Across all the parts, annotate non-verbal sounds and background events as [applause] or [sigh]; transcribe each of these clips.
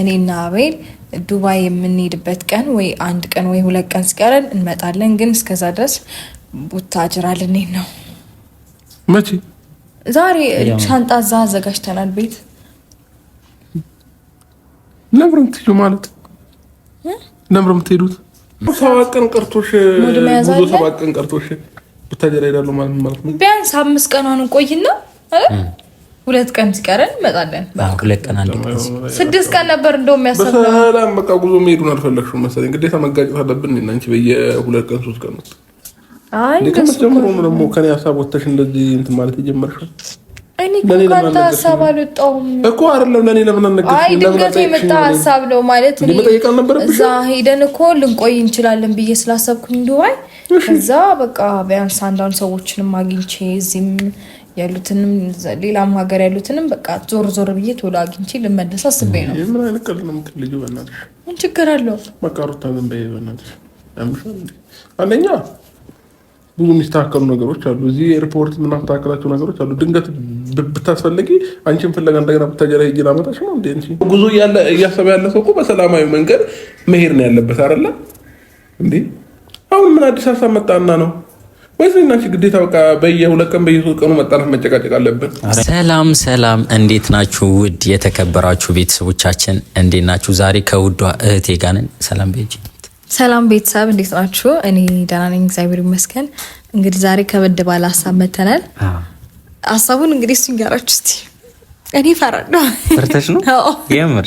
እኔና አቤል ዱባይ የምንሄድበት ቀን ወይ አንድ ቀን ወይ ሁለት ቀን ሲቀረን እንመጣለን። ግን እስከዛ ድረስ ቡታጅራ ልንሄድ ነው። መቼ? ዛሬ ሻንጣ እዛ አዘጋጅተናል። ቤት ለምሮ ምትሄዱ ማለት ለምሮ ምትሄዱት ሰባት ቀን ቀርቶሽ ሰባት ቀን ቀርቶሽ ቡታጅራ ሄዳለሁ ማለት ነው። ቢያንስ አምስት ቀኗን እንቆይና ሁለት ቀን ሲቀረን እንመጣለን። ሁለት ቀን አንድ ቀን ስድስት ቀን ነበር እንደውም ያሰብነው። በሰላም በቃ ጉዞ መሄዱን አልፈለግሽም መሰለኝ። ግዴታ መጋጨት አለብን እናንቺ በየሁለት ቀን ሶስት ቀን ውስጥ ከመስጀምሮም ደግሞ ከኔ ሀሳብ ወተሽ እንደዚህ እንትን ማለት የጀመርሽው ሀሳብ አልወጣሁም እኮ አይደለም። ለእኔ ለምን ድንገት የመጣ ሀሳብ ነው ማለት እዛ ሄደን እኮ ልንቆይ እንችላለን ብዬ ስላሰብኩኝ ዱባይ፣ ከዛ በቃ ቢያንስ አንዳንድ ሰዎችንም አግኝቼ እዚህም ያሉትንም ሌላም ሀገር ያሉትንም በቃ ዞር ዞር ብዬ ቶሎ አግኝቼ ልመለስ አስቤ ነው። ምን አይነት ቀልድ ነው? ልጁ በእናትሽ ምን ችግር አለው? መቃሩታ ዝም በይ በእናትሽ። አንደኛ ብዙ የሚስተካከሉ ነገሮች አሉ። እዚህ ኤርፖርት የምናስተካከላቸው ነገሮች አሉ። ድንገት ብታስፈልጊ አንቺን ፍለጋ እንደገና ብታጀራ ሂጅ ላመጣሽ ነው። እንደ ጉዞ እያሰበ ያለ ሰው እኮ በሰላማዊ መንገድ መሄድ ነው ያለበት አይደለም እንዴ? አሁን ምን አዲስ ሀሳብ መጣና ነው ወይስ ግዴታ በቃ በየሁለት ቀን በየሶስት ቀኑ መጣናት መጨቃጨቅ አለብን? ሰላም ሰላም፣ እንዴት ናችሁ? ውድ የተከበራችሁ ቤተሰቦቻችን እንዴት ናችሁ? ዛሬ ከውዷ እህቴ ጋር ነን። ሰላም ቤጅ። ሰላም ቤተሰብ እንዴት ናችሁ? እኔ ደህና ነኝ እግዚአብሔር ይመስገን። እንግዲህ ዛሬ ከበድ ባለ ሀሳብ መተናል። ሀሳቡን እንግዲህ እሱ ጋራችሁ እስኪ እኔ ፈራለሁ። ፈርተሽ ነው የምር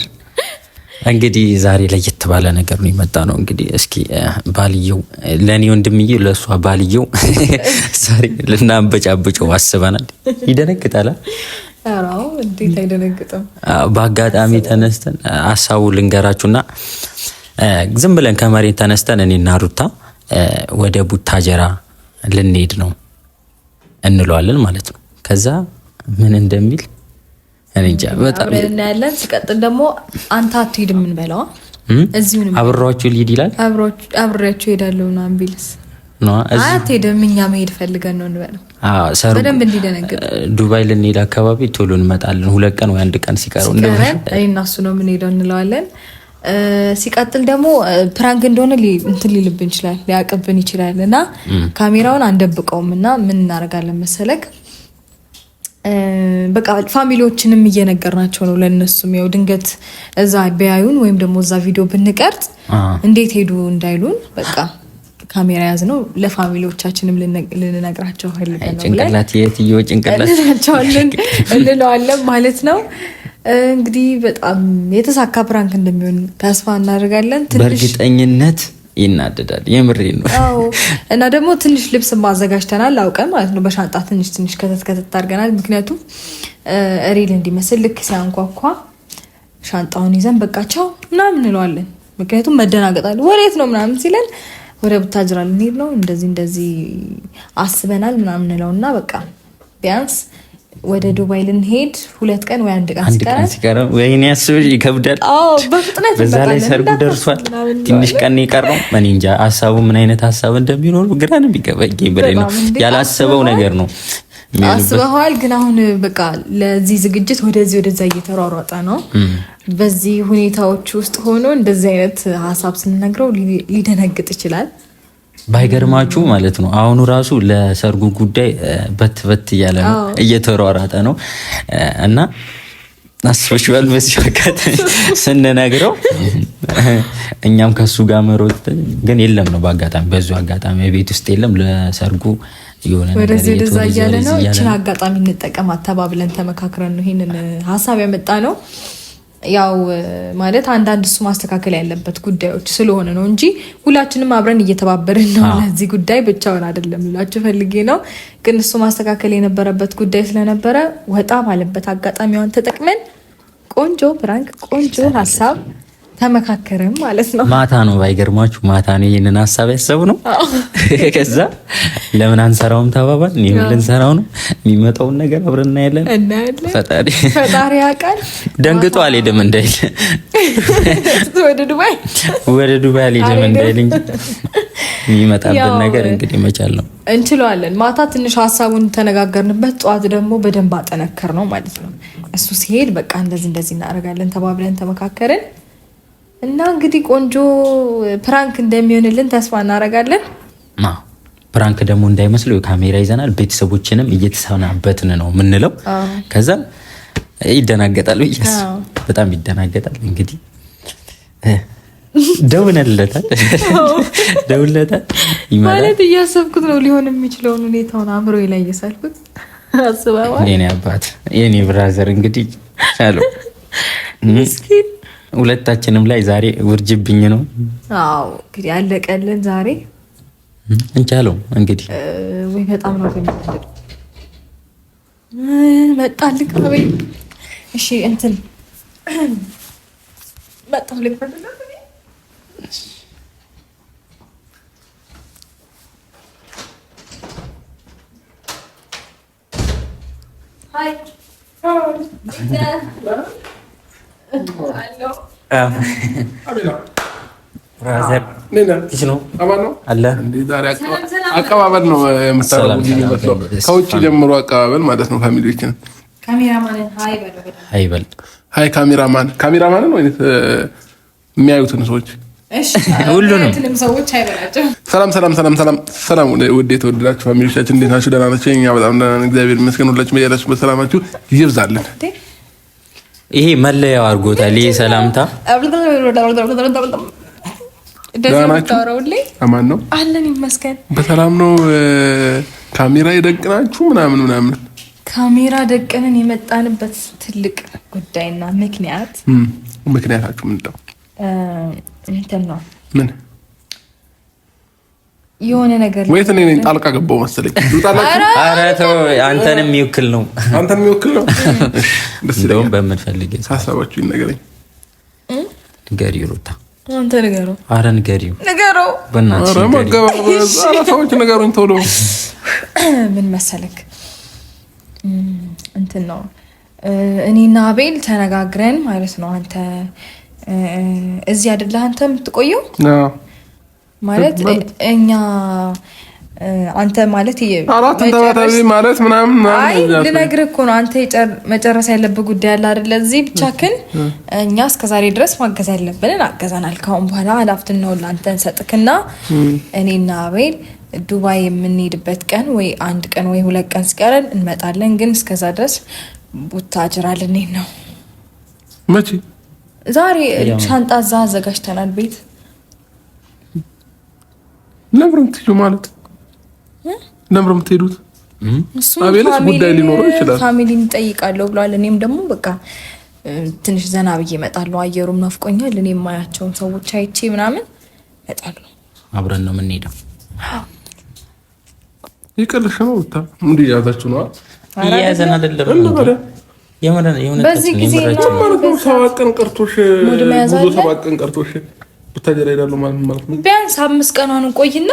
እንግዲህ ዛሬ ለየት ባለ ነገር ነው የመጣ ነው። እንግዲህ እስኪ ባልየው ለእኔ ወንድምዬ ለእሷ ባልየው [laughs] ዛሬ ልናንበጫብጨው አስበናል። ይደነግጣል። እንዴት አይደነግጥም? በአጋጣሚ ተነስተን ሀሳቡ ልንገራችሁና ዝም ብለን ከመሬት ተነስተን እኔና ሩታ ወደ ቡታጀራ ልንሄድ ነው እንለዋለን ማለት ነው። ከዛ ምን እንደሚል እናያለን። ሲቀጥል ደግሞ አንተ አትሄድ የምንበላዋ እዚሁንም አብሯችሁ ልሂድ ይላል። አብሬያችሁ እሄዳለሁ ምናምን ቢልስ አትሄድም። እኛ መሄድ ፈልገን ነው እንበለው በደንብ እንዲደነግጥ ዱባይ ልንሄድ አካባቢ ቶሎ እንመጣለን። ሁለት ቀን ወይ አንድ ቀን ሲቀረው ሲቀረን ነው የምንሄደው እንለዋለን። ሲቀጥል ደግሞ ፕራንክ እንደሆነ እንትን ሊልብን ይችላል ሊያቅብን ይችላል እና ካሜራውን አንደብቀውም እና ምን እናደርጋለን መሰለክ በቃ ፋሚሊዎችንም እየነገርናቸው ነው። ለነሱም ያው ድንገት እዛ ቢያዩን ወይም ደግሞ እዛ ቪዲዮ ብንቀርጽ እንዴት ሄዱ እንዳይሉን በቃ ካሜራ ያዝ ነው። ለፋሚሊዎቻችንም ልንነግራቸው ጭንቅላት የትዮ እንለዋለን ማለት ነው። እንግዲህ በጣም የተሳካ ፕራንክ እንደሚሆን ተስፋ እናደርጋለን። በእርግጠኝነት ይናደዳል። የምሬ ነው። እና ደግሞ ትንሽ ልብስ ማዘጋጅተናል አውቀን ማለት ነው። በሻንጣ ትንሽ ትንሽ ከተት ከተት አድርገናል። ምክንያቱም ሪል እንዲመስል ልክ ሲያንኳኳ ሻንጣውን ይዘን በቃቸው ምናምን እንለዋለን። ምክንያቱም መደናገጣል። ወዴት ነው ምናምን ሲለን ወደ ቡታጅራ ልንሄድ ነው እንደዚህ እንደዚህ አስበናል ምናምን እንለውና በቃ ቢያንስ ወደ ዱባይ ልንሄድ ሁለት ቀን ወይ አንድ ቀን ሲቀረን፣ ወይኔ አስበሽ ይከብዳል። በፍጥነት በዛ ላይ ሰርጉ ደርሷል፣ ትንሽ ቀን የቀረው እኔ እንጃ ሀሳቡ ምን አይነት ሀሳብ እንደሚኖር ግራ ነው የሚገባኝ። ያላሰበው ነገር ነው አስበዋል፣ ግን አሁን በቃ ለዚህ ዝግጅት ወደዚህ ወደዛ እየተሯሯጠ ነው። በዚህ ሁኔታዎች ውስጥ ሆኖ እንደዚህ አይነት ሀሳብ ስንነግረው ሊደነግጥ ይችላል። ባይገርማችሁ ማለት ነው። አሁኑ ራሱ ለሰርጉ ጉዳይ በት በት እያለ ነው እየተሯራጠ ነው እና አስበሽዋል። በዚህ አጋጣሚ ስንነግረው እኛም ከሱ ጋር መሮጥ ግን የለም ነው በአጋጣሚ በዙ አጋጣሚ ቤት ውስጥ የለም ለሰርጉ የሆነ ወደዚህ ወደዛ እያለ ነው። እችን አጋጣሚ እንጠቀም አተባብለን ተመካክረን ነው ይሄንን ሀሳብ ያመጣ ነው። ያው ማለት አንዳንድ እሱ ማስተካከል ያለበት ጉዳዮች ስለሆነ ነው እንጂ ሁላችንም አብረን እየተባበርን ነው። ለዚህ ጉዳይ ብቻውን አይደለም ልላችሁ ፈልጌ ነው። ግን እሱ ማስተካከል የነበረበት ጉዳይ ስለነበረ ወጣ ባለበት አጋጣሚዋን ተጠቅመን ቆንጆ ብራንክ፣ ቆንጆ ሀሳብ ተመካከረም ማለት ነው። ማታ ነው ባይገርማችሁ፣ ማታ ነው ይህንን ሀሳብ ነው። [laughs] ከዛ ለምን አንሰራውም ተባባል። እኔ ልንሰራው ነው። የሚመጣውን ነገር አብረን እናያለን። ፈጣሪ ፈጣሪ ያውቃል። ደንግጦ አልሄድም እንዳይል [laughs] ወደ ዱባይ ወደ ዱባይ አልሄድም እንዳይል እንጂ የሚመጣብን ነገር እንግዲህ መቻል ነው። እንችለዋለን። ማታ ትንሽ ሀሳቡን ተነጋገርንበት፣ ጠዋት ደግሞ በደንብ አጠነከር ነው ማለት ነው። እሱ ሲሄድ በቃ እንደዚህ እንደዚህ እናደርጋለን ተባብለን ተመካከርን። እና እንግዲህ ቆንጆ ፕራንክ እንደሚሆንልን ተስፋ እናደርጋለን። ፕራንክ ደግሞ እንዳይመስለው ካሜራ ይዘናል። ቤተሰቦችንም እየተሰናበትን ነው የምንለው። ከዛም ይደናገጣል፣ በጣም ይደናገጣል። እንግዲህ ደውለታል ደውለታል ማለት እያሰብኩት ነው ሊሆን የሚችለውን ሁኔታውን አእምሮ ላይ እየሳልኩት አስባባል። የኔ አባት የኔ ብራዘር እንግዲህ አሉ ሁለታችንም ላይ ዛሬ ውርጅብኝ ነው። አዎ እንግዲህ አለቀልን ዛሬ እንቻለው። እንግዲህ ወይ በጣም ነው መጣልክ። እሺ እንትን [clears throat] መጣ አቀባበል ነው የምታደርጉት ከውጭ ጀምሮ አቀባበል ማለት ነው። ፋሚሊዎችን ሀይ ካሜራማን ካሜራማንን ወይ የሚያዩትን ሰዎች ሁሉንም ሰላም ሰላም ሰላም ሰላም ሰላም፣ ውድ የተወደዳችሁ ፋሚሊዎቻችን እንዴት ናችሁ? ደህና ናችሁ? እኛ በጣም ደህና ነን፣ እግዚአብሔር ይመስገን። ሁላችሁም በያላችሁበት ሰላማችሁ ይብዛልን። ይሄ መለያው አድርጎታል። ይሄ ሰላምታ አማን ነው አለን ይመስገን። በሰላም ነው። ካሜራ የደቅናችሁ ምናምን ምናምን ካሜራ ደቅንን የመጣንበት ትልቅ ጉዳይና ምክንያት ምክንያታችሁ ምንድን ነው? ምን የሆነ ነገር ወይስ እኔ ነኝ ጣልቃ ገባው መሰለኝ? ኧረ ተው፣ አንተን የሚወክል ነው። አንተን የሚወክል ነው። ደስ ይላል። እንደውም በምንፈልግ ሀሳባችሁን ንገረኝ። ንገሪው ሩታ፣ አንተ ንገረው። ኧረ ንገሪው፣ ንገረው በእናትሽ። ሰዎች ንገሩኝ ቶሎ። [coughs] ምን መሰለክ እንትን ነው እኔና አቤል ተነጋግረን ማለት ነው። አንተ እዚህ አይደለህ አንተ የምትቆየው ማለት እኛ አንተ ማለት አራት ተባታሪ ማለት ምናምን አይ እኮ ነው። አንተ መጨረስ ያለብህ ጉዳይ አለ አይደለ? እዚህ ብቻህን እኛ እስከዛሬ ድረስ ማገዝ ያለብንን አገዛናል። ካሁን በኋላ ኃላፊነቱን ለአንተ እንሰጥክና እኔና አቤል ዱባይ የምንሄድበት ቀን ወይ አንድ ቀን ወይ ሁለት ቀን ሲቀረን እንመጣለን። ግን እስከዛ ድረስ ቡታጅራ ልንሄድ ነው። መቼ? ዛሬ ሻንጣ እዛ አዘጋጅተናል ቤት ነብር የምትሄጂው ማለት ነብር የምትሄዱት አቤልስ ጉዳይ ሊኖረው ይችላል። ፋሚሊን እጠይቃለሁ ብሏል። እኔም ደግሞ በቃ ትንሽ ዘና ብዬ እመጣለሁ። አየሩም ናፍቆኛል። እኔ የማያቸውን ሰዎች አይቼ ምናምን እመጣለሁ። አብረን ነው የምንሄደው። ይቀልሽ ነው ብታ እንዲ ያዛችሁ ነው እያዘን አይደለም። በዚህ ጊዜ ነው ሰባት ቀን ቀርቶሽ ብዙ ሰባት ቀን ቀርቶሽ ብታጀራ ሄዳለሁ ማለት ነው። ቢያንስ አምስት ቀኗን እንቆይና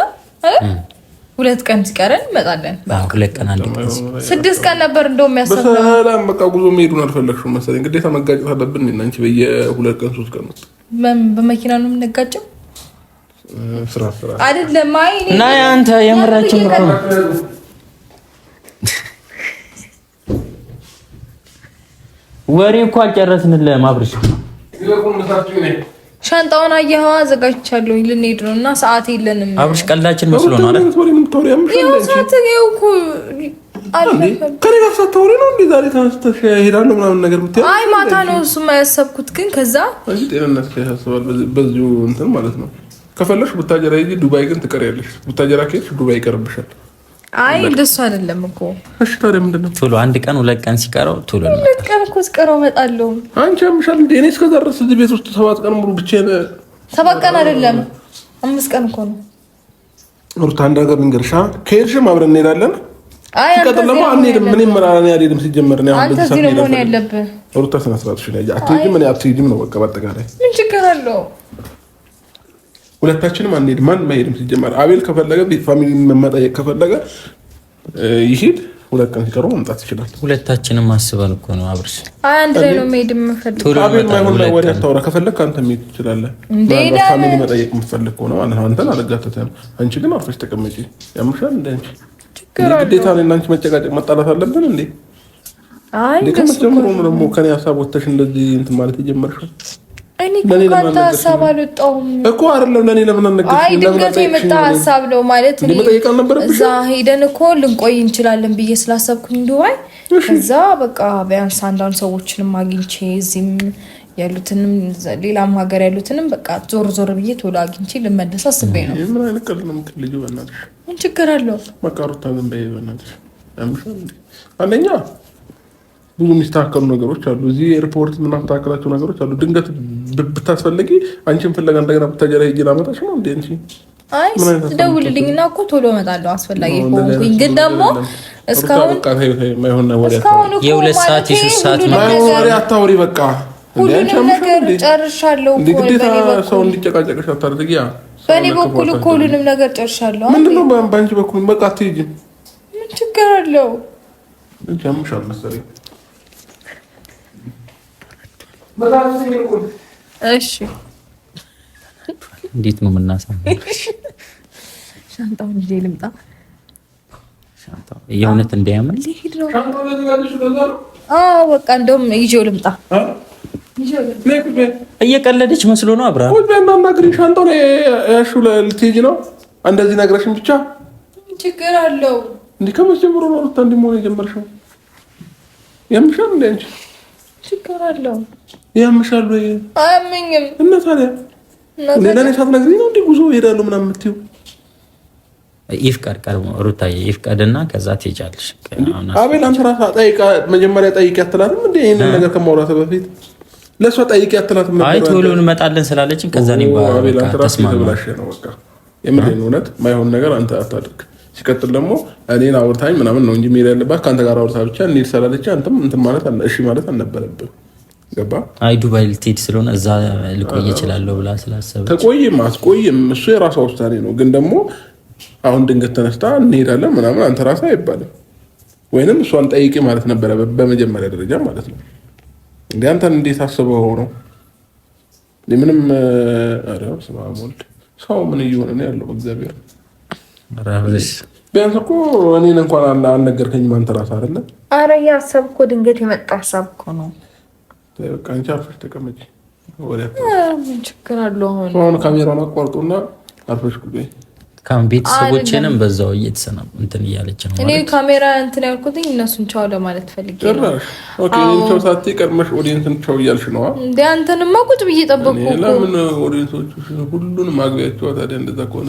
ሁለት ቀን ሲቀረን እንመጣለን። ሁለት ቀን አንድ ቀን ስድስት ቀን ነበር እንደውም ያሰብነው። በሰላም በቃ ጉዞ መሄዱን አልፈለግሽም መሰለኝ። ግዴታ መጋጨት አለብን እኔና አንቺ በየሁለት ቀን ሶስት ቀን በመኪና ነው የምንጋጨው። ስራ ስራ አንተ የምራችን ነው ወሬ እኮ አልጨረስንልህም አብርሽ ሻንጣውን አየኸው? አዘጋጅቻለሁ ልንሄድ ነው እና ሰዓት የለንም። አብርሽ ቀላችን መስሎ ነው አይደል? አይ ማታ ነው እሱማ ያሰብኩት፣ ግን ከዛ ጤንነት ያሳስባል። በዚሁ እንትን ማለት ነው። ከፈለሽ ቡታጀራ ሂጂ፣ ዱባይ ግን ትቀሪያለሽ። ቡታጀራ ከሄድሽ ዱባይ ይቀርብሻል። አይ እንደሱ አይደለም እኮ። እሺ ታዲያ ምንድን ነው? ቶሎ አንድ ቀን ሁለት ቀን ሲቀረው ቶሎ ነው። ሁለት ቀን እኮ ሲቀረው እመጣለሁ። አንቺ አምሻል እንዴ? እኔ እስከዛ ድረስ እዚህ ቤት ውስጥ ሰባት ቀን ሙሉ ብቻዬን። ሰባት ቀን አይደለም አምስት ቀን እኮ ነው። ሩት አንድ ነገር ልንገርሽ፣ ከሄድሽም አብረን እንሄዳለን። ሲቀጥል ደግሞ አንሄድም። ምን ይመራና ሲጀመር ነው። አንተ እዚህ ነው መሆን ያለብህ እኔ አትሄጂም ነው በቃ። በአጠቃላይ ምን ችግር አለው? ሁለታችንም አንሄድ። ማን መሄድም ሲጀመር አቤል ከፈለገ ፋሚሊ መጠየቅ ከፈለገ ይሄድ። ሁለት ቀን ሲቀሩ መምጣት ይችላል። ሁለታችንም አስበን እኮ ነው። አብርሽ አንድ ላይ ነው መሄድ የምፈልገው። አቤል ማይሆን ላይ ወዲያ ታውራ ከፈለግ አንተ መሄድ ትችላለህ። ፋሚሊ መጠየቅ የምትፈልግ ከሆነ ማለት ነው። አንተን አልጋተተም። አንቺ ግን አርፈሽ ተቀመጪ። ያምሻል። እንደ አንቺ ግዴታ እኔ እና መጨቃጨቅ መጣላት አለብን እንዴ? ከመጀመሩ ደግሞ ከኔ ሀሳብ ወተሽ እንደዚህ እንትን ማለት የጀመርሽው ከአንተ ሀሳብ አልወጣሁም እኮ አይደለም። ለእኔ ለምን አልነገርሽም? አይ ድንገት የመጣ ሀሳብ ነው ማለት መጠየቅ አልነበረብሽም። እዛ ሄደን እኮ ልንቆይ እንችላለን ብዬ ስላሰብኩኝ ዱባይ፣ ከዛ በቃ ቢያንስ አንዳንድ ሰዎችንም አግኝቼ እዚህም ያሉትንም ሌላም ሀገር ያሉትንም በቃ ዞር ዞር ብዬ ቶሎ አግኝቼ ልመለስ አስቤ ነው። ምን አይነት ቀልድ ነው የምትልጂው? በእናትሽ ምን ችግር አለው? መቃሩታ ዝም በይ በእናትሽ። አንደኛ ብዙ የሚስተካከሉ ነገሮች አሉ። እዚህ ኤርፖርት የምናስተካከላቸው ነገሮች አሉ። ድንገት ብታስፈልጊ አንቺን ፍለጋ እንደገና ብታጀራ ሄጄ ላመጣሽ ነው እንዴ? አይ ደውልልኝና እኮ ቶሎ እመጣለሁ። አስፈላጊ ግን ደግሞ እስካሁን የሁለት ሰዓት የሶስት ሰዓት አታውሪ። በቃ ሁሉንም ነገር ጨርሻለሁ። ሰው እንዲጨቃጨቅሽ አታድርጊ። በእኔ በኩል እኮ ሁሉንም ነገር ጨርሻለሁ። ምንድነው በአንቺ በኩል በቃ አትሄጂም። ምን ችግር አለው? ጀምሻል መሰለኝ እሺ፣ እንዴት ነው የምናሳየው? ሻንጣውን ይዤ ልምጣ። የእውነት እንዳያምን ልሄድ ነው። አዎ በቃ እንደውም ይዤው ልምጣ። እየቀለደች መስሎ ነው። አብራ ማማክሪ ሻንጣውን ያሹ ልትሄጂ ነው? እንደዚህ ነግረሽን ብቻ ችግር አለው እንዲህ ከመጀመሩ ነው። ሩታ እንዲህ መሆን የጀመርሽው የምሻል እንዲ አንቺ ችግር አለው። ያምሻል አያመኝም። እና ታዲያ ለእኔ ሳትነግሪኝ ነው እንደ ጉዞ እሄዳለሁ ምናምን የምትይው? ይፍቀድ ቀድሞ ሩታዬ ይፍቀድና ከዛ ትሄጃለሽ። አቤል አንተ ራስህ ጠይቃ መጀመሪያ እንደ ነገር ከማውራት በፊት ለእሷ ጠይቂ አትላትም? አይ ቶሎ እንመጣለን ስላለችን ከዛ ተስማማ ነው የምሬን እውነት ማይሆን ነገር አንተ አታድርግ። ሲቀጥል ደግሞ እኔን አውርታኝ ምናምን ነው እንጂ መሄድ ያለባት ከአንተ ጋር አውርታ ብቻ እንሂድ ስላለች አንተም እንትን ማለት እሺ ማለት አልነበረብም። ገባ አይ ዱባይ ልትሄድ ስለሆነ እዛ ልቆይ እችላለሁ ብላ ስላሰበች ተቆይም አትቆይም እሱ የራሷ ውሳኔ ነው። ግን ደግሞ አሁን ድንገት ተነስታ እንሄዳለን ምናምን አንተ ራስህ አይባልም። ወይንም እሷን ጠይቄ ማለት ነበረ በመጀመሪያ ደረጃ ማለት ነው። እንደ አንተን እንዴት አስበው ነው ምንም ሰው ምን እየሆነ ነው ያለው እግዚአብሔር ቢያንስ እኮ እኔን እንኳን አልነገርከኝም። አንተ ራስህ አይደለ? አረ የሀሳብ እኮ ድንገት የመጣ ሀሳብ እኮ ነው። አንቺ አርፈሽ ተቀመጪ። ምን ችግር አለው? አሁን ካሜራውን አቋርጡና አርፈሽ ጉዳይ ቤተሰቦችንም በዛው እየተሰና እንትን እያለች ነው። እኔ ካሜራ እንትን ያልኩትኝ እነሱን ቻው ለማለት ፈልጌ ነው። ቻው ሳቴ ቀድመሽ ኦዲየንስን ቻው እያልሽ ነዋ። እንደ አንተንማ ቁጭ ብዬ ጠበቅኩ። ለምን ኦዲየንሶቹ ሁሉንም አግቢያቸዋ ታዲያ እንደዛ ከሆነ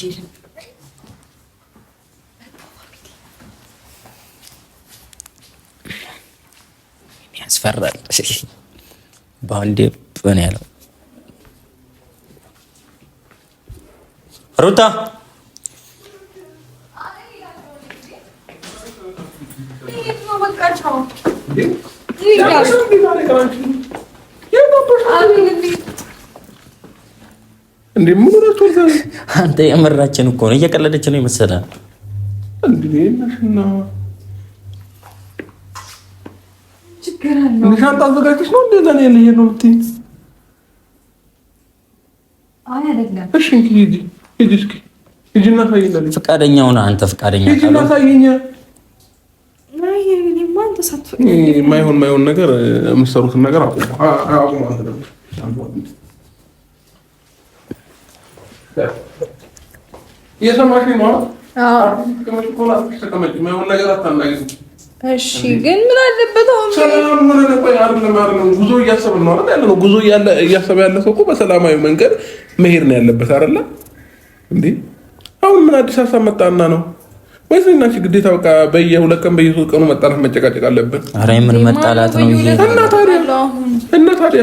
yerim. ያስፈራል። በአንዴ ምን ያለው ሩታ አንተ የመራችን እኮ ነው። እየቀለደች ነው ይመስላል። ሻንጣ አዘጋጅተሽ ነው ነው እሺ ሂጂ ሂጂ እስኪ ፈቃደኛ ሆነ አንተ ፈቃደኛ ሳይኛ። ማይሆን ማይሆን ነገር የምትሰሩትን ነገር አቁሙ። የሰማሽ ነው። ጉዞ እያሰብን ነው አይደል ያለነው? ጉዞ እያሰበ ያለ ሰው እኮ በሰላማዊ መንገድ መሄድ ነው ያለበት አይደለ እንዴ? አሁን ምን አዲስ ሀሳብ መጣና ነው ወይስ እናንቺ ግዴታ በቃ በየሁለት ቀን በየሶስት ቀኑ መጣላት መጨቃጨቅ አለብን? ኧረ ምን መጣላት ነው እና ታዲያ እና ታዲያ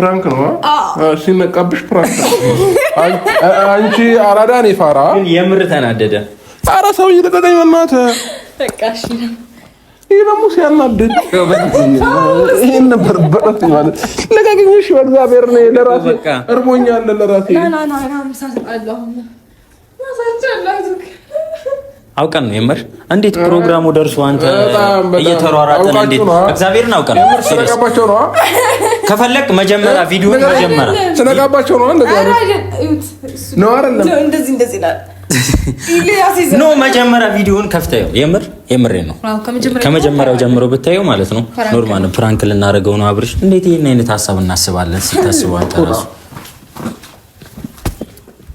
ፕራንክ ነው። ሲነቃብሽ ፕራንክ ነው። አንቺ አራዳ፣ እኔ ፋራ። የምር ተናደደ። ኧረ ሰውዬ ልቀቀኝ በእናትህ። ይህ ደግሞ ሲያናድድ ይህን ነበር በረት ማለት ልቀቀኝ። እሺ በእግዚአብሔር እኔ ለራሴ እርቦኛል ለራሴ አውቀን ነው የምር። እንዴት ፕሮግራሙ ደርሶ አንተ እየተሯራጠን እንዴት እግዚአብሔርን አውቀን ነው ከፈለክ መጀመሪያ ቪዲዮ መጀመሪያ ስለጋባቸው ነው ነው ነው እንደዚህ እንደዚህ [laughs] ኖ መጀመሪያ ቪዲዮን ከፍተው የምር የምር ነው ከመጀመሪያው ጀምሮ ብታየው ማለት ነው። ኖርማል ፕራንክ ልናደርገው ነው አብርሽ። እንዴት ይህን አይነት ሀሳብ እናስባለን ሲታስቡ አንተ ራሱ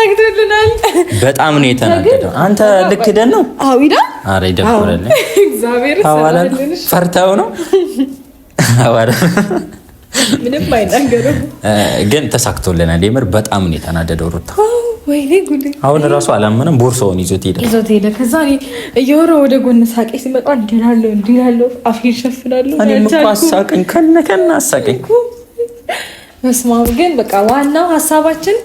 ተሳግቶልናል። በጣም ነው የተናገደው። አንተ ልክ ደን ነው አዊዳ አረ ይደብራል። [laughs] እግዚአብሔር ፈርተው ነው [laughs] አዋላ ምንም አይናገርም፣ ግን ተሳክቶልናል። የምር በጣም ነው የተናደደው ሩታ። አሁን እራሱ አላመነም። ቦርሳውን ይዞት ሄደ ይዞት ሄደ። ከዛ እየወረ ወደ ጎን ሳቄ ሲመጣ እንዲላለሁ እንዲላለሁ አፌን ሸፍናለሁ። እኔም እኮ አሳቀኝ፣ ከነ ከነ አሳቀኝ መስማም ግን በቃ ዋናው ሀሳባችን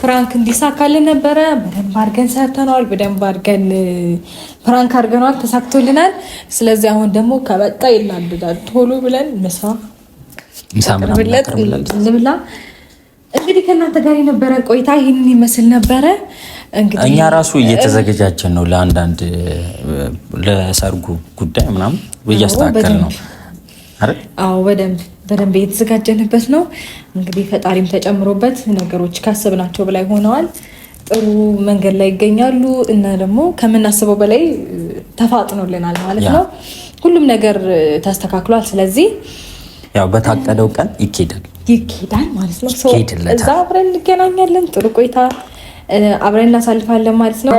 ፍራንክ እንዲሳካልን ነበረ። በደንብ አድርገን ሰርተነዋል። በደንብ አድርገን ፍራንክ አድርገነዋል፣ ተሳክቶልናል። ስለዚህ አሁን ደግሞ ከበጣ ይናድዳል። ቶሎ ብለን ምሳ ቅርብለት ልብላ። እንግዲህ ከእናንተ ጋር የነበረ ቆይታ ይህንን ይመስል ነበረ። እኛ ራሱ እየተዘገጃጀን ነው ለአንዳንድ ለሰርጉ ጉዳይ ምናምን እያስተካከል ነው። አዎ በደንብ በደንብ እየተዘጋጀንበት ነው። እንግዲህ ፈጣሪም ተጨምሮበት ነገሮች ካሰብናቸው በላይ ሆነዋል። ጥሩ መንገድ ላይ ይገኛሉ እና ደግሞ ከምናስበው በላይ ተፋጥኖልናል ማለት ነው። ሁሉም ነገር ተስተካክሏል። ስለዚህ ያው በታቀደው ቀን ይኬዳል ይኬዳል ማለት ነው። እዛ አብረን እንገናኛለን። ጥሩ ቆይታ አብረን እናሳልፋለን ማለት ነው።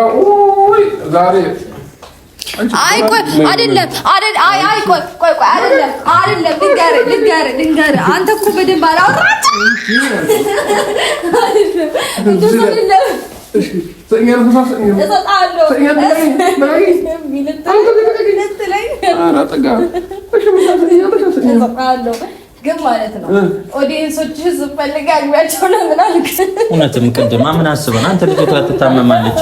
አይ ቆይ አይደለም፣ አይ አይ ቆይ ቆይ ቆይ አይደለም፣ አይደለም። ልንገርህ ልንገርህ ልንገርህ አንተ እኮ በደንብ አላወራችም። ግን ማለት ነው ኦዲየንሶች ስትፈልግ አግቢያቸው ነው ምናምን። እውነትም ቅድማ ምን አስበን አንተ ልጅቷ ትታመማለች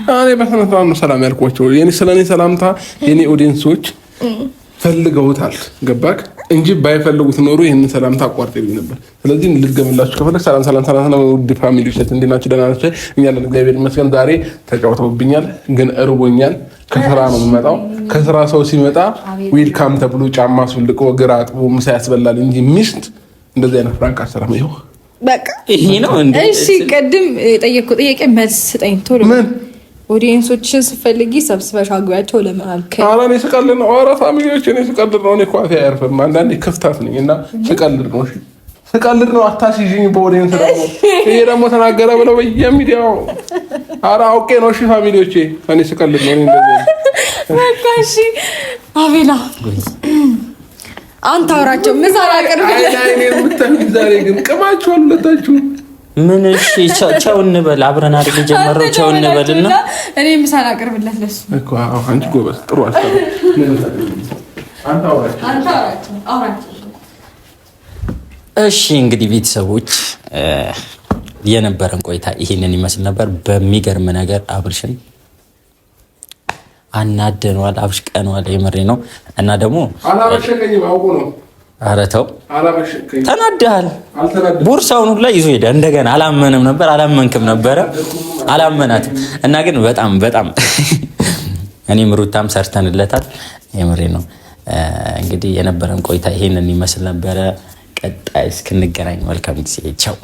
እኔ በስነስርዓት ነው ሰላም ያልኳቸው። የኔ ስለኔ ሰላምታ የኔ ኦዲየንሶች ፈልገውታል። ገባክ እንጂ ባይፈልጉት ኖሮ ይህን ሰላምታ አቋርጥ ይሉኝ ነበር። ስለዚህ ልገምላችሁ ከፈለግ ሰላም ሰላም ሰላም ሰላም ውድ ፋሚሊዎቻት እንዴት ናችሁ? ደህና ናችሁ? እኛ ለን እግዚአብሔር ይመስገን። ዛሬ ተጫውተውብኛል፣ ግን እርቦኛል። ከስራ ነው የምመጣው። ከስራ ሰው ሲመጣ ዌልካም ተብሎ ጫማ ሱልቆ ግራ አጥቦ ምሳ ያስበላል እንጂ ሚስት እንደዚህ አይነት ፍራንክ አሰራም። ይኸው በቃ ይሄ ነው እንዴ? እሺ ቅድም የጠየቅኩት ጥያቄ መልስ ስጠኝ ቶሎ ምን ኦዲየንሶችን ስፈልጊ ሰብስበሽ አግቢያቸው ለምን አልከኝ? ኧረ እኔ ስቀልድ ነው። ኧረ ፋሚሊዎች እኔ ስቀልድ ነው። እኔ ኳፊ አያርፍም። አንዳንዴ ክፍታት ነኝ እና ስቀልድ ነው። ስቀልድ ነው። አታስይዥኝ በኦዲየንስ ደግሞ ይሄ ደግሞ ተናገረ ብለው በየሚዲያው ኧረ አውቄ ነው። እሺ ፋሚሊዎቼ እኔ ስቀልድ ነው። በቃ እሺ አቤላ አንተ አውራቸው ምሳራ ቅርብ ዛሬ ግን ቅማችኋል ለታችሁ ምን እሺ፣ ቻው እንበል አብረን አድርግ ጀመረው። ቻው እንበል እና እኔ ምሳን አቅርብለት ለሱ እኮ አንቺ ጎበዝ፣ ጥሩ እሺ። እንግዲህ ቤተሰቦች የነበረን ቆይታ ይሄንን ይመስል ነበር። በሚገርም ነገር አብርሽን አናደነዋል፣ አብሽቀነዋል። የምሬ ነው እና ደግሞ ኧረ ተው ተናድሃል። ቦርሳውን ሁላ ይዞ ሄደ። እንደገና አላመነም ነበር አላመንክም ነበረ አላመናትም እና ግን በጣም በጣም [laughs] እኔም ሩታም ሰርተንለታል። የምሬ ነው። እንግዲህ የነበረን ቆይታ ይሄንን ይመስል ነበረ። ቀጣይ እስክንገናኝ መልካም ጊዜ ቻው።